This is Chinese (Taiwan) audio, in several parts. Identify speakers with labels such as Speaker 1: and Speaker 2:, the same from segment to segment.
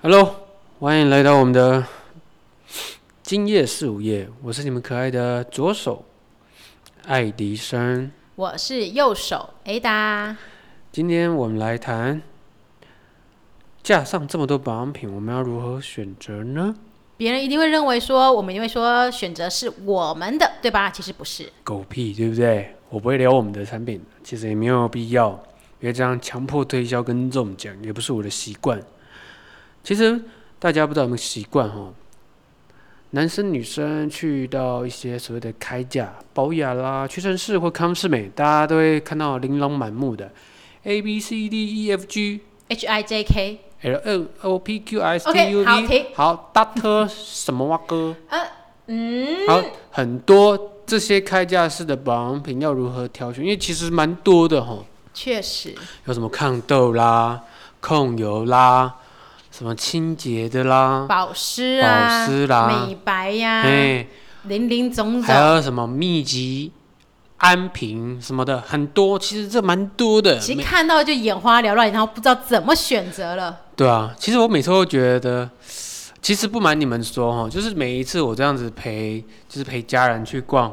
Speaker 1: Hello，歡迎來到我們的今夜是午夜。我是你們可愛的左手愛迪生，
Speaker 2: 我是右手 Ada。
Speaker 1: 今天我們來談架上這麼多保養品，我們要如何選擇呢？
Speaker 2: 別人一定會認為說，我們因為說選擇是我們的，對吧？其實不是，
Speaker 1: 狗屁，對不對？我不會聊我們的產品，其實也沒有必要，因為這樣強迫推銷跟這種講也不是我的習慣。其實大家不知道有沒有習慣齁，男生女生去到一些所謂的開架保養啦、屈臣氏或康是美，大家都會看到琳琅滿目的
Speaker 2: A B C D E F G H I J K
Speaker 1: L N O P Q R, S T U V okay，好，D，好 Data 什麼哇哥？Uh, 嗯，
Speaker 2: 好，
Speaker 1: 很多這些開架式的保養品要如何挑選？因為其實蠻多的齁，
Speaker 2: 確實
Speaker 1: 有什麼抗痘啦、控油啦。什麼清潔的啦，保
Speaker 2: 濕啊保濕啦，美白呀、哎，林林總總，還有
Speaker 1: 什麼密集，安瓶什麼的，很多。其實這蠻多的，其實看
Speaker 2: 到就眼花繚亂，然後不知道怎麼選擇了。
Speaker 1: 對啊，其實我每次都覺得，其實不瞞你們說哈，就是每一次我這樣子陪，就是陪家人去逛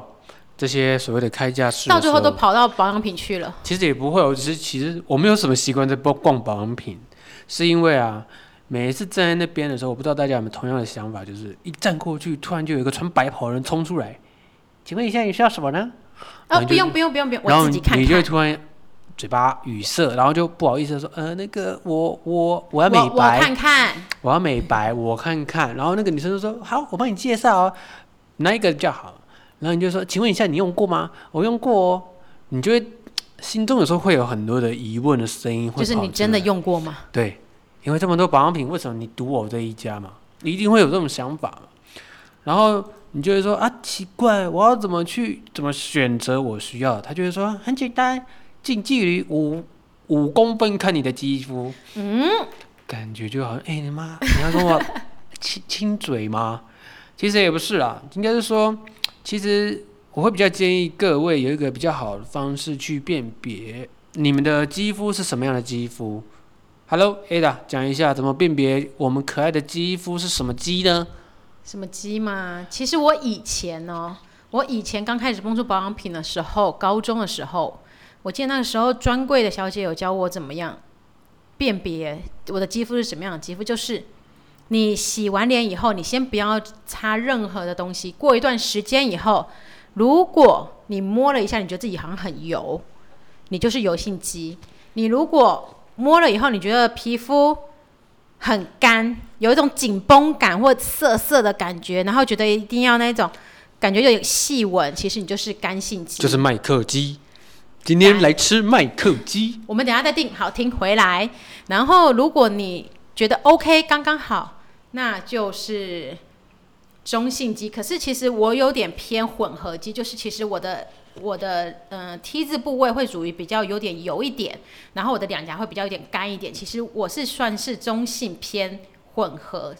Speaker 1: 這些所謂的開架，到最後都
Speaker 2: 跑到保養品去了。
Speaker 1: 其實也不會，我只是其實我沒有什麼習慣在逛保養品，是因為啊。每次站在那邊的時候，我不知道大家有沒有同樣的想法，就是一站過去，突然就有一個穿白袍人衝出來。請問一下，你需要什麼呢？哦，就是，不用，不
Speaker 2: 用，不用，不用，我自己看看。然後你就會，突
Speaker 1: 然嘴巴語塞，然後就不好意思說，呃，那個我我我要美白我，我看看，我要美白，我看看。然後那個女生就說：“好，我幫你介紹哦。哪一個叫好？”然後你就說：“請問一下，你用過嗎？”我用過哦。你就會心中有時候會有很多的疑問的聲音，就是你真的用過嗎？對。因為這麼多保養品，為什麼你獨我這一家嘛？你一定會有這種想法嘛？然後你就會說，啊奇怪，我要怎麼去怎麼選擇我需要？他就會說，很簡單，近距離五五公分看你的肌膚。嗯，感覺就好像哎、欸，你媽你要跟我親 親嘴嗎？其實也不是啦，應該是說，其實我會比較建議各位有一個比較好的方式去辨別你們的肌膚是什麼樣的肌膚。Hello Ada，講一下怎麼辨別我們可愛的肌膚是什麼肌呢？
Speaker 2: 什麼肌嘛？其實我以前哦，我以前剛開始工作保養品的時候，高中的時候，我記得那個時候專櫃的小姐有教我怎麼樣辨別我的肌膚是什麼樣的肌膚，就是你洗完臉以後，你先不要擦任何的東西，過一段時間以後，如果你摸了一下，你覺得自己好像很油，你就是油性肌。你如果摸了以後，你覺得皮膚很乾，有一種緊繃感或澀澀的感覺，然後覺得一定要那種感覺有點細紋，其實你就是乾性肌，就是
Speaker 1: 麥克肌。今天來吃麥克雞、嗯，
Speaker 2: 我們等下再定，好聽回來。然後如果你覺得 OK，剛剛好，那就是中性肌。可是其實我有點偏混合肌，就是其實我的。我的嗯、呃、T 字部位會屬於比較有點油一點，然後我的兩頰會比較有點乾一點。其實我是算是中性偏混合。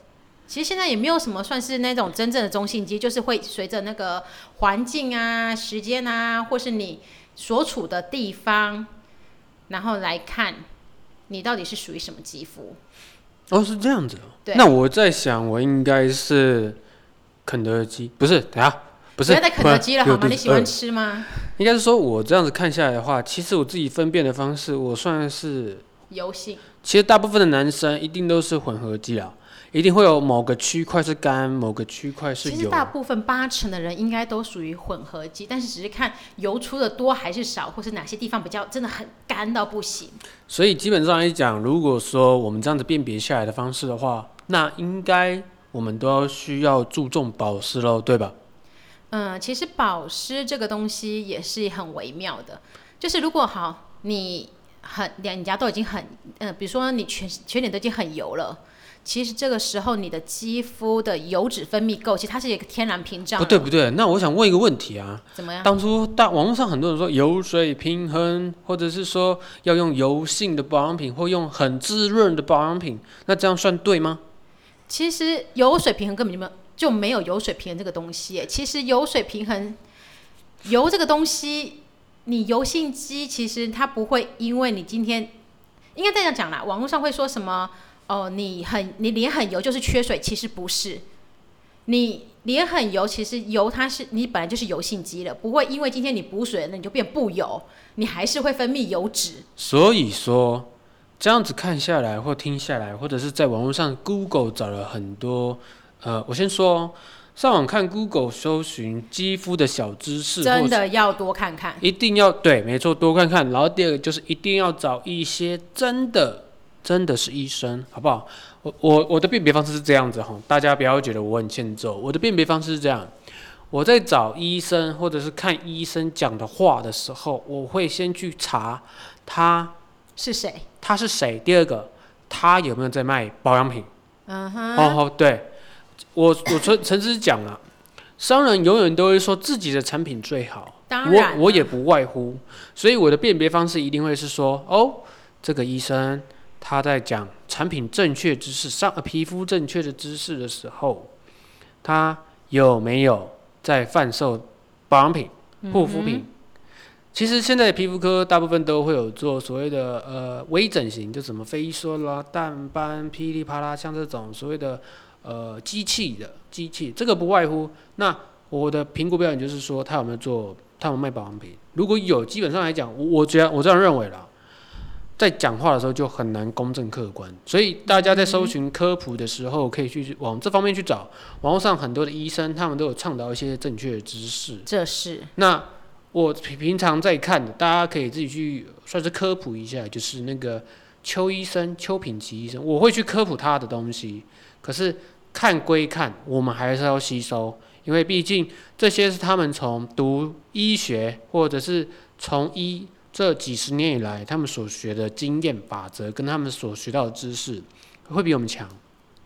Speaker 2: 其實現在也沒有什麼算是那種真正的中性肌，就是會隨着那個環境啊、時間啊，或是你所處的地方，然後來看你到底是屬於什麼肌膚。
Speaker 1: 哦，是這樣子哦。對。那我在想，我應該是肯德基，不是？等下。不是，不要再肯德基了好嗎？呃、你喜歡吃
Speaker 2: 嗎？
Speaker 1: 應該是說，我這樣子看下來的話，其實我自己分辨的方式，我算是
Speaker 2: 油性。
Speaker 1: 其實大部分的男生一定都是混合肌了，一定會有某個區塊是乾，某個區塊是。其實大
Speaker 2: 部分八成的人應該都屬於混合肌，但是只是看油出的多還是少，或是哪些地方比較真的很乾到不行。
Speaker 1: 所以基本上來講，如果說我們這樣子辨別下來的方式的話，那應該我們都要需要注重保濕嘍，對吧？
Speaker 2: 嗯，其實保濕這個東西也是很微妙的，就是如果好，你很臉頰都已經很，嗯、呃，比如說你全全臉都已經很油了，其實這個時候你的肌膚的油脂分泌夠，其實它是一個天然屏障。不對不
Speaker 1: 對，那我想問一個問題啊，怎麼樣？當初大網絡上很多人說油水平衡，或者是說要用油性的保養品，或用很滋潤的保養品，那這樣算對嗎？
Speaker 2: 其實油水平衡根本就沒有。就沒有油水平衡這個東西。其實油水平衡，油這個東西，你油性肌其實它不會因為你今天，應該這樣講啦，網路上會說什麼哦，你很你臉很油就是缺水，其實不是。你臉很油，其實油它是你本來就是油性肌了，不會因為今天你補水了，那你就變不油，你還是會分泌油脂。
Speaker 1: 所以說，這樣子看下來，或聽下來，或者是在網路上 Google 找了很多。呃，我先說，上網看 Google 搜尋肌膚的小知識，真的
Speaker 2: 要多看看，一
Speaker 1: 定要，對，沒錯，多看看。然後第二個就是一定要找一些真的，真的是醫生，好不好？我我我的辨別方式是這樣子哈，大家不要覺得我很欠揍。我的辨別方式是這樣，我在找醫生或者是看醫生講的話的時候，我會先去查他是誰，他是誰？第二個，他有沒有在賣保養品？嗯哼。哦，哦對。我我誠誠實講啊，商人永遠都會說自己的產品最好，
Speaker 2: 當然我我
Speaker 1: 也不外乎，所以我的辨別方式一定會是說，哦，這個醫生他在講產品正確知識上，呃，皮膚正確的知識的時候，他有沒有在販售保養品、護膚品、嗯？其實現在的皮膚科大部分都會有做所謂的呃微整形，就什麼飛梭啦、淡斑、噼里啪啦，像這種所謂的。呃，機器的機器，這個不外乎。那我的評估標準就是說，他有沒有做，他有賣保養品。如果有，基本上來講，我這樣我這樣認為了，在講話的時候就很難公正客觀。所以大家在搜尋科普的時候，可以去、嗯、往這方面去找。網絡上很多的醫生，他們都有倡導一些正確的知識。這是。那我平常在看，大家可以自己去算是科普一下，就是那個邱醫生、邱品齊醫生，我會去科普他的東西。可是。看歸看，我們還是要吸收，因為畢竟這些是他們從讀醫學，或者是從醫這幾十年以來，他們所學的經驗法則跟他們所學到的知識，會比我們強。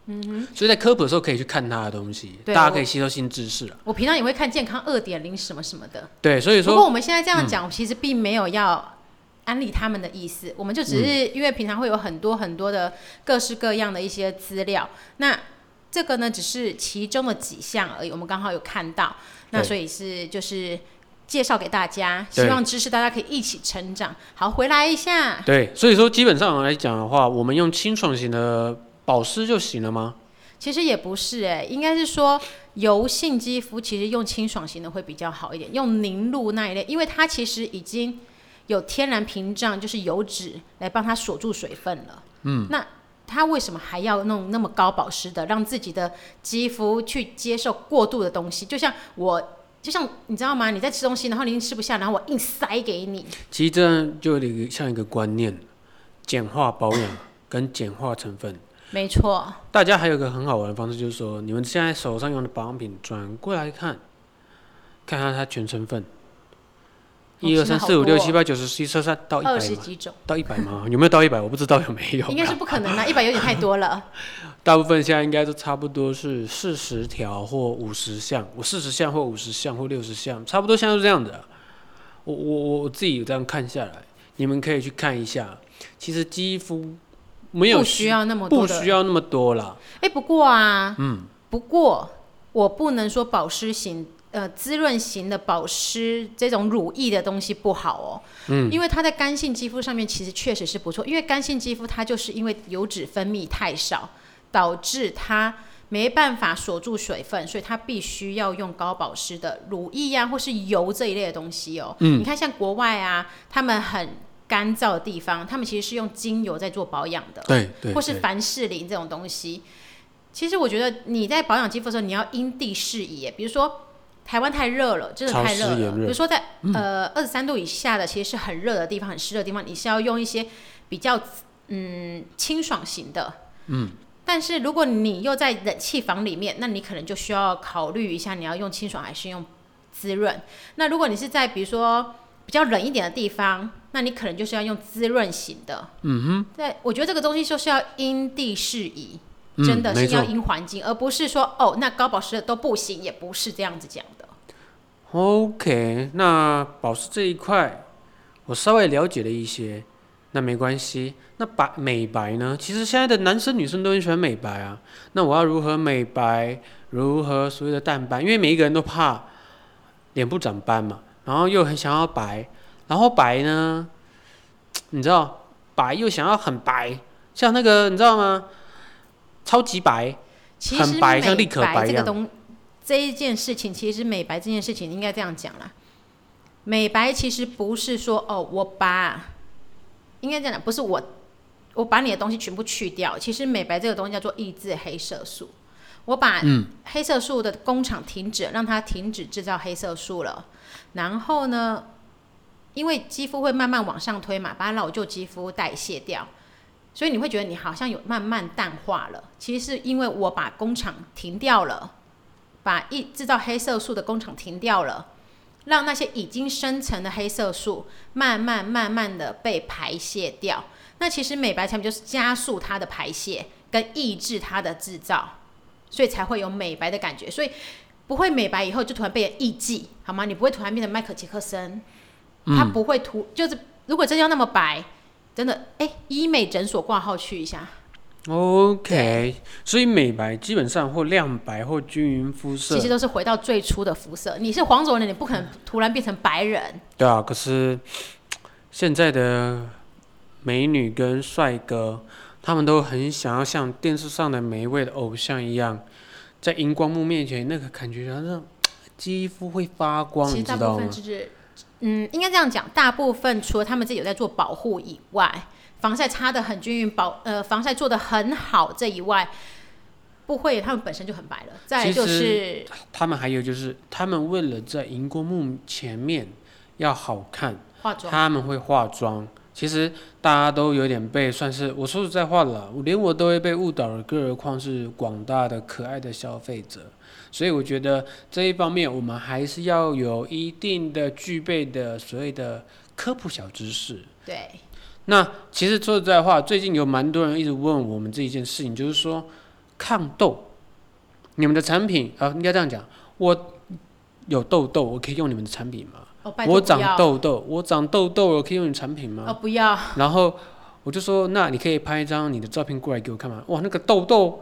Speaker 1: 嗯
Speaker 2: 哼，
Speaker 1: 所以在科普的時候可以去看他的東西，大家可以吸收新知識、啊
Speaker 2: 我。我平常也會看《健康二點零》什麼什麼的。
Speaker 1: 對，所以說，如果我們現在這樣講，
Speaker 2: 嗯、其實並沒有要安利他們的意思，我們就只是、嗯、因為平常會有很多很多的各式各樣的一些資料，那。這個呢，只是其中的幾項而已。我們剛好有看到，那所以是就是介紹給大家，希望知識大家可以一起成長。好，回來一下。
Speaker 1: 對，所以說基本上來講的話，我們用清爽型的保濕就行了嗎？
Speaker 2: 其實也不是哎、欸，應該是說油性肌膚其實用清爽型的會比較好一點，用凝露那一類，因為它其實已經有天然屏障，就是油脂來幫它鎖住水分了。嗯，那。他為什麼還要弄那麼高保濕的，讓自己的肌膚去接受過度的東西？就像我，就像你知道嗎？你在吃東西，然後你吃不下，然後我硬塞給你。
Speaker 1: 其實這就有點像一個觀念，簡化保養跟簡化成分。沒錯。大家還有一個很好玩的方式，就是說你們現在手上用的保養品，轉過來看，看看它全成分。一二三四五六七八九十十一十二十三到一百嗎？到一百嗎？有沒有到一百？我不知道有沒有。應
Speaker 2: 該是不可能的啊，一百有點太多了。
Speaker 1: 大部分現在應該都差不多是四十條或五十項，我四十項或五十項或六十項，差不多現在是這樣的。我我我我自己有這樣看下來，你們可以去看一下。其實肌膚
Speaker 2: 沒有需要那麼，不需要
Speaker 1: 那麼多啦。
Speaker 2: 哎，不過啊，嗯，不過我不能說保濕型。呃，滋潤型的保濕這種乳液的東西不好哦。嗯，因為它在乾性肌膚上面其實確實是不錯，因為乾性肌膚它就是因為油脂分泌太少，導致它沒辦法鎖住水分，所以它必須要用高保濕的乳液呀、啊，或是油這一類的東西哦。嗯，你看像國外啊，他們很乾燥的地方，他們其實是用精油在做保養的。對對，對。或是凡士林這種東西，其實我覺得你在保養肌膚的時候，你要因地制宜，比如說。台灣太熱了，真的太熱了。比如說在呃二十三度以下的，其實是很熱的地方，嗯、很濕的地方，你是要用一些比較嗯清爽型的。嗯。但是如果你又在冷氣房裡面，那你可能就需要考慮一下，你要用清爽還是用滋潤。那如果你是在比如說比較冷一點的地方，那你可能就是要用滋潤型的。嗯哼。對，我覺得這個東西就是要因地適宜，真的、嗯、是要因環境，而不是說哦那高保濕的都不行，也不是這樣子講。
Speaker 1: OK，那保濕這一塊，我稍微了解了一些。那沒關係。那白美白呢？其實現在的男生女生都很喜歡美白啊。那我要如何美白？如何所謂的淡斑？因為每一個人都怕臉部長斑嘛，然後又很想要白，然後白呢？你知道，白又想要很白，像那個你知道嗎？超級白，很白，白像立可白一樣。
Speaker 2: 這一件事情，其實美白這件事情應該這樣講啦。美白其實不是說哦，我把應該這樣講，不是我我把你的東西全部去掉。其實美白這個東西叫做抑制黑色素，我把黑色素的工廠停止、嗯，讓它停止製造黑色素了。然後呢，因為肌膚會慢慢往上推嘛，把老舊肌膚代謝掉，所以你會覺得你好像有慢慢淡化了。其實是因為我把工廠停掉了。把一製造黑色素的工廠停掉了，讓那些已經生成的黑色素慢慢慢慢的被排泄掉。那其實美白產品就是加速它的排泄跟抑制它的製造，所以才會有美白的感覺。所以不會美白以後就突然變成藝妓，好嗎？你不會突然變成麥可傑克森，嗯，
Speaker 1: 他不
Speaker 2: 會塗。就是如果真要那麼白，真的哎、欸，醫美診所掛號去一下。
Speaker 1: OK，所以美白基本上或亮白或均勻膚色，其實都
Speaker 2: 是回到最初的膚色。你是黃種人，你不可能突然變成白人。嗯、
Speaker 1: 對啊，可是現在的美女跟帥哥，他們都很想要像電視上的每一位的偶像一樣，在熒光幕面前那個感覺，好像肌膚會發光，你知道嗎？其實
Speaker 2: 大部分就是嗯，應該這樣講，大部分除了他們自己有在做保護以外。防曬擦得很均勻，保呃防曬做得很好。這以外，不會他們本身就很白了。再就是，
Speaker 1: 他們還有就是，他們為了在熒光幕前面要好看，化妝他們會化妝。其實大家都有點被、嗯、算是我說實在話了，連我都會被誤導，更何況是廣大的可愛的消費者。所以我覺得這一方面我們還是要有一定的具備的所謂的科普小知識。對。那其實說實在話，最近有蠻多人一直問我們這一件事情，就是說抗痘，你們的產品啊，應該這樣講，我有痘痘，我可以用你們的產品嗎？
Speaker 2: 哦，拜託不要。我長痘
Speaker 1: 痘，我長痘痘，我可以用你的產品嗎？哦，
Speaker 2: 不要。
Speaker 1: 然後我就說，那你可以拍一張你的照片過來給我看嗎？哇，那個痘痘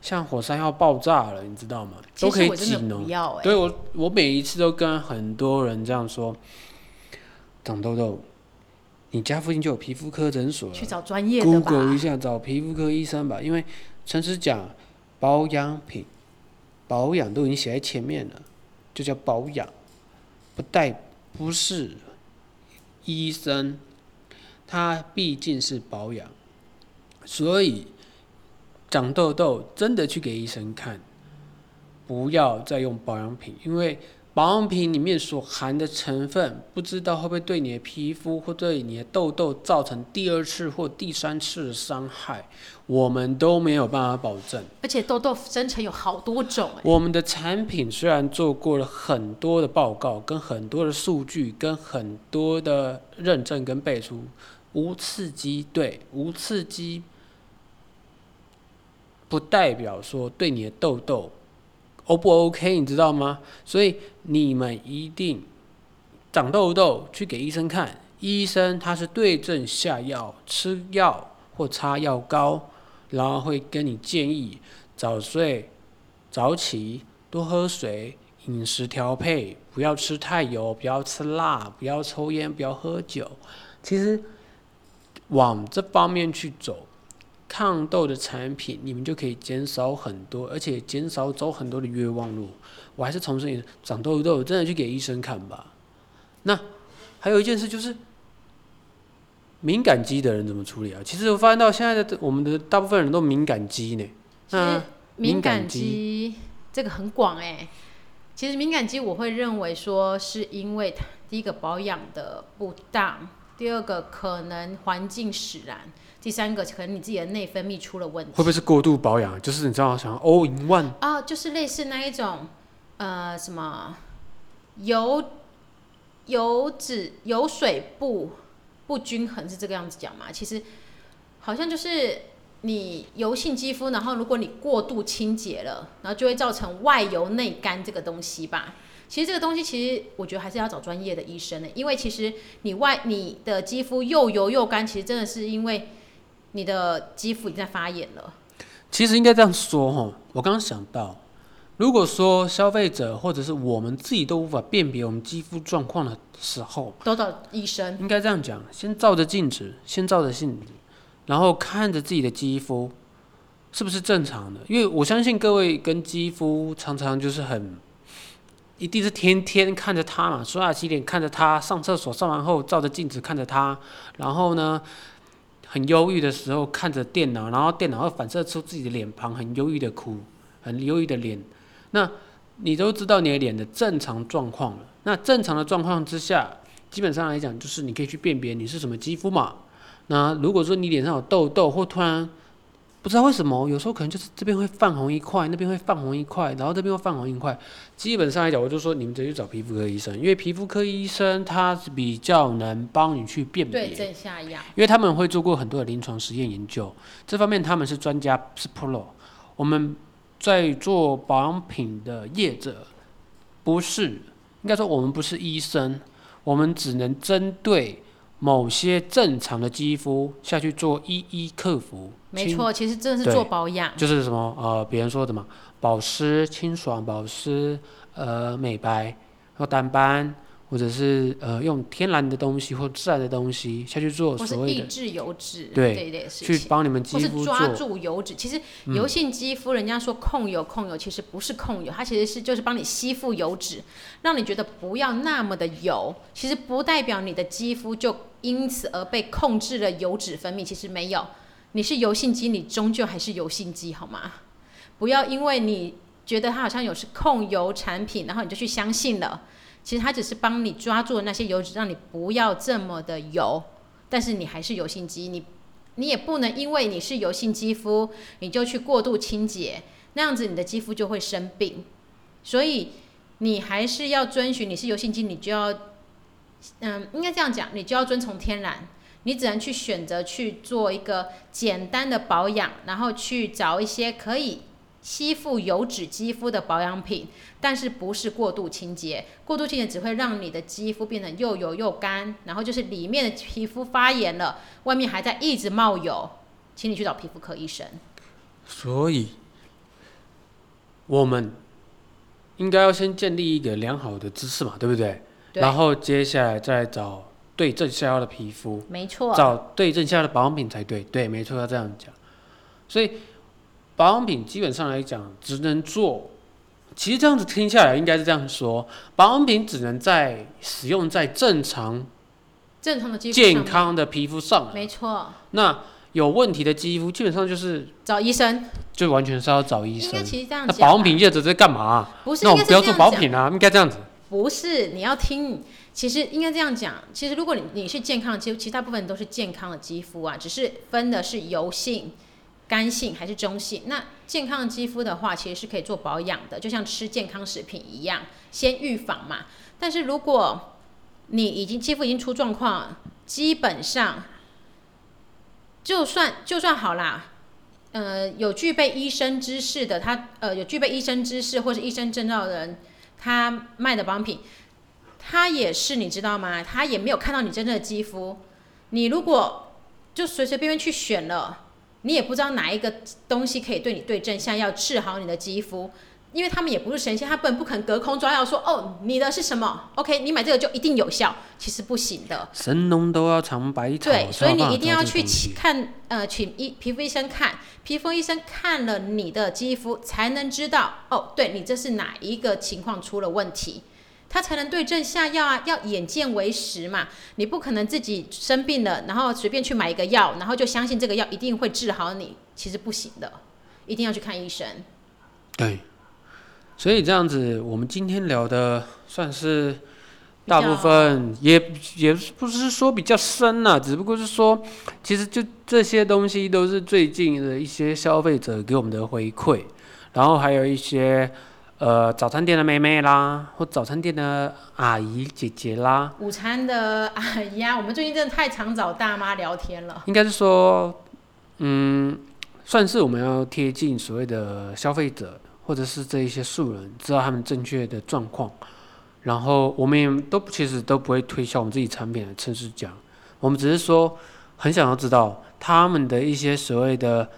Speaker 1: 像火山要爆炸了，你知道嗎？欸、都可以擠，真的不要。對我，我每一次都跟很多人這樣說，長痘痘。你家附近就有皮膚科診所，去
Speaker 2: 找專業的吧。Google 一下，
Speaker 1: 找皮膚科醫生吧，因為誠實講，保養品保養都已經寫在前面了，就叫保養，不帶不是醫生，他畢竟是保養，所以長痘痘真的去給醫生看，不要再用保養品，因為。保養品裡面所含的成分，不知道會不會對你的皮膚或對你的痘痘造成第二次或第三次的傷害，我們都沒有辦法保證。
Speaker 2: 而且痘痘生成有好多種、欸，
Speaker 1: 我們的產品雖然做過了很多的報告、跟很多的數據、跟很多的認證跟背書，無刺激，對，無刺激，不代表說對你的痘痘。O、oh, 不 OK，你知道嗎？所以你們一定長痘痘去給醫生看，醫生他是對症下藥，吃藥或擦藥膏，然後會跟你建議早睡、早起、多喝水、飲食調配，不要吃太油，不要吃辣，不要抽菸，不要喝酒。其實往這方面去走。抗痘的產品，你們就可以減少很多，而且減少走很多的冤枉路。我還是重申一次，長痘痘真的去給醫生看吧。那還有一件事就是，敏感肌的人怎麼處理啊？其實我發現到現在的我們的大部分人都敏感肌呢。是、啊、敏感
Speaker 2: 肌，敏感肌這個很廣哎、欸。其實敏感肌我會認為說是因為第一個保養的不當。第二個可能環境使然，第三個可能你自己的內分泌出了問題。會
Speaker 1: 不會是過度保養？就是你知道，想要 all in one
Speaker 2: 啊，就是類似那一種，呃，什麼油油脂油水不不均衡是這個樣子講嘛？其實好像就是你油性肌膚，然後如果你過度清潔了，然後就會造成外油內乾這個東西吧。其實這個東西，其實我覺得還是要找專業的醫生的，因為其實你外你的肌膚又油又乾，其實真的是因為你的肌膚已經在發炎了。
Speaker 1: 其實應該這樣說哈，我剛剛想到，如果說消費者或者是我們自己都無法辨別我們肌膚狀況的時候，都找醫生。應該這樣講，先照着鏡子，先照着鏡子，然後看着自己的肌膚是不是正常的，因為我相信各位跟肌膚常常就是很。一定是天天看着他嘛，刷牙洗臉看着他，上廁所上完後照着鏡子看着他，然後呢，很憂鬱的時候看着電腦，然後電腦會反射出自己的臉龐，很憂鬱的哭，很憂鬱的臉。那你都知道你的臉的正常狀況了。那正常的狀況之下，基本上來講，就是你可以去辨別你是什麼肌膚嘛。那如果說你臉上有痘痘或突然。不知道為什麼，有時候可能就是這邊會泛紅一塊，那邊會泛紅一塊，然後這邊會泛紅一塊。基本上來講，我就說你們直接去找皮膚科醫生，因為皮膚科醫生他是比較能幫你去辨別對
Speaker 2: 症下藥，因為
Speaker 1: 他們會做過很多的臨床實驗研究，這方面他們是專家是 pro。我們在做保養品的業者，不是應該說我們不是醫生，我們只能針對。某些正常的肌膚下去做一一克服，沒錯，
Speaker 2: 其實這是做保養，就是
Speaker 1: 什麼呃，別人說什麼保濕、清爽、保濕呃、美白，或淡斑，或者是呃用天然的東西或自然的東西下去做所，或是抑制
Speaker 2: 油脂，對，這一類事去幫你們肌膚或是抓住油脂。其實油性肌膚，人家說控油控油，其實不是控油，嗯、它其實是就是幫你吸附油脂，讓你覺得不要那麼的油，其實不代表你的肌膚就，因此而被控制了油脂分泌，其實沒有。你是油性肌，你終究還是油性肌，好嗎？不要因為你覺得它好像有是控油產品，然後你就去相信了。其實它只是幫你抓住那些油脂，讓你不要這麼的油。但是你還是油性肌，你你也不能因為你是油性肌膚，你就去過度清潔，那樣子你的肌膚就會生病。所以你還是要遵循，你是油性肌，你就要。嗯，應該這樣講，你就要遵從天然，你只能去選擇去做一個簡單的保養，然後去找一些可以吸附油脂肌膚的保養品，但是不是過度清潔，過度清潔只會讓你的肌膚變得又油又乾，然後就是裡面的皮膚發炎了，外面還在一直冒油，請你去找皮膚科醫生。
Speaker 1: 所以，我們應該要先建立一個良好的知識嘛，對不對？然後接下來再來找對症下藥的皮膚，沒錯，找對症下藥的保養品才對，對，沒錯，要這樣講。所以保養品基本上來講，只能做。其實這樣子聽下來，應該是這樣說：保養品只能在使用在正常、
Speaker 2: 健康的皮膚上，肌膚上面。沒錯。
Speaker 1: 那有問題的肌膚，基本上就是找醫生，就完全是要找醫生。應該其實這樣、啊、那保養品業者在幹嘛、啊？那我們不要做保養品啊，應該這樣子。
Speaker 2: 不是你要聽，其實應該這樣講。其實如果你你是健康的肌，其實其他部分都是健康的肌膚啊，只是分的是油性、乾性還是中性。那健康的肌膚的話，其實是可以做保養的，就像吃健康食品一樣，先預防嘛。但是如果你已經肌膚已經出狀況，基本上就算就算好啦，呃，有具備醫生知識的，他呃有具備醫生知識或是醫生證照的人。他賣的榜品，他也是你知道嗎？他也沒有看到你真正的肌膚。你如果就隨隨便便去選了，你也不知道哪一個東西可以對你對症下藥，治好你的肌膚。因為他們也不是神仙，他本不肯隔空抓藥說哦，你的是什麼？OK，你買這個就一定有效，其實不行的。
Speaker 1: 神農都要嘗百草。對，所以你一定要去
Speaker 2: 看呃，請皮醫皮膚醫生看，皮膚醫生看了你的肌膚，才能知道哦，對你這是哪一個情況出了問題，他才能對症下藥啊，要眼見為實嘛。你不可能自己生病了，然後隨便去買一個藥，然後就相信這個藥一定會治好你，其實不行的，一定要去看醫生。
Speaker 1: 對。所以這樣子，我們今天聊的算是大部分也，也也不是說比較深了啊，只不過是說，其實就這些東西都是最近的一些消費者給我們的回饋，然後還有一些呃早餐店的妹妹啦、或早餐店的阿姨姐姐啦、
Speaker 2: 午餐的阿姨啊，我們最近真的太常找大媽聊天了。
Speaker 1: 應該是說，嗯，算是我們要貼近所謂的消費者，或者是這一些素人知道他們正確的狀況，然後我們也都其實都不會推銷我們自己產品，的誠實講，我們只是說很想要知道他們的一些所謂的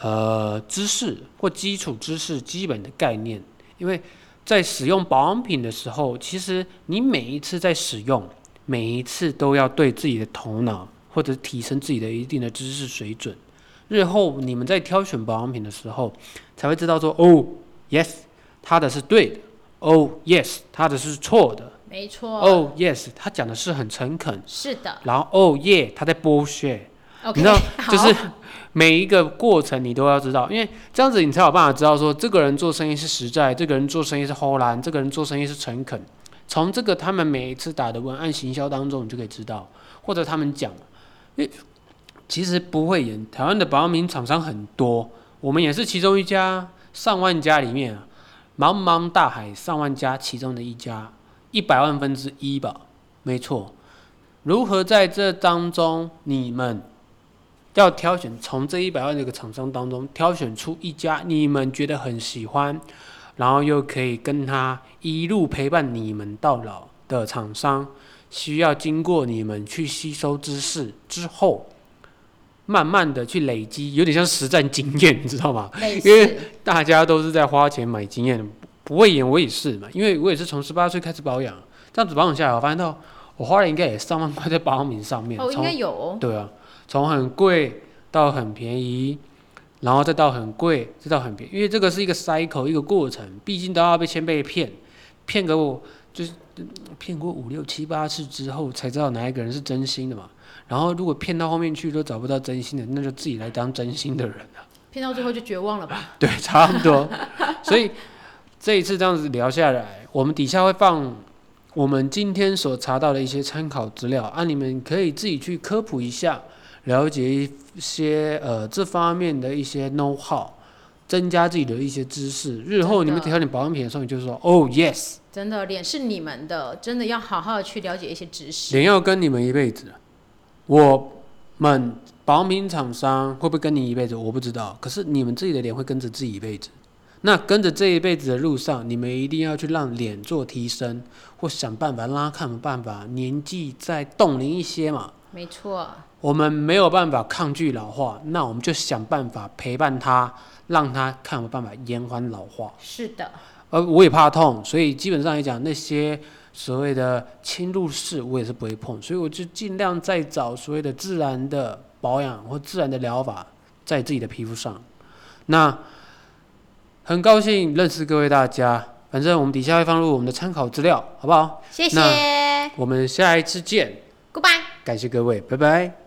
Speaker 1: 呃知識或基礎知識基本的概念，因為在使用保養品的時候，其實你每一次在使用，每一次都要對自己的頭腦或者提升自己的一定的知識水準，日後你們在挑選保養品的時候才會知道說哦。Yes，他的是對的。Oh yes，他的是錯的。
Speaker 2: 沒錯。Oh
Speaker 1: yes，他講的是很誠懇。是的。然後 Oh yeah，他在剝削。
Speaker 2: Okay，你知道，就是
Speaker 1: 每一個過程你都要知道，因為這樣子你才有辦法知道說，這個人做生意是實在，這個人做生意是厚藍，這個人做生意是誠懇。從這個他們每一次打的文案行銷當中，你就可以知道，或者他們講，因為其實不會贏台灣的保養品廠商很多，我們也是其中一家。上萬家裡面啊，茫茫大海上萬家，其中的一家，一百萬分之一吧，沒錯。如何在這當中，你們要挑選從這一百萬這個廠商當中挑選出一家，你們覺得很喜歡，然後又可以跟他一路陪伴你們到老的廠商，需要經過你們去吸收知識之後，慢慢的去累積，有點像實戰經驗，你知道嗎？因為大家都是在花錢買經驗，不會演我也是嘛，因為我也是從十八歲開始保養，這樣子保養下來，我發現到我花了應該也上萬塊在保養品上面，哦，應該有，對啊，從很貴到很便宜，然後再到很貴，再到很便宜，因為這個是一個 cycle 一個過程，畢竟都要被先被騙，騙給我，就是騙過五六七八次之後，才知道哪一個人是真心的嘛。然後如果騙到後面去都找不到真心的，那就自己來當真心的人了。
Speaker 2: 騙到最後就絕望了吧？
Speaker 1: 對，差不多。 所以這一次這樣子聊下來，我們底下會放我們今天所查到的一些參考資料，啊，你們可以自己去科普一下，了解一些呃這方面的一些 know-how，增加自己的一些知識。日後你們挑選保養品的時候你就說哦 yes，真的,、
Speaker 2: oh, yes 真的臉是你們的，真的要好好的去了解一些知識。
Speaker 1: 臉要跟你們一輩子。我們保養品廠商會不會跟你一輩子？我不知道。可是你們自己的臉會跟着自己一輩子。那跟着這一輩子的路上，你們一定要去讓臉做提升，或想辦法讓它看有辦法年紀再凍齡一些嘛。沒錯。我們沒有辦法抗拒老化，那我們就想辦法陪伴它，讓它看有辦法延緩老化。是的。呃，我也怕痛，所以基本上來講那些。所謂的侵入式，我也是不會碰，所以我就盡量再找所謂的自然的保養或自然的療法，在自己的皮膚上。那很高興認識各位大家，反正我們底下會放入我們的參考資料，好不好？
Speaker 2: 謝謝，
Speaker 1: 我們下一次見，Goodbye，感謝各位，拜拜。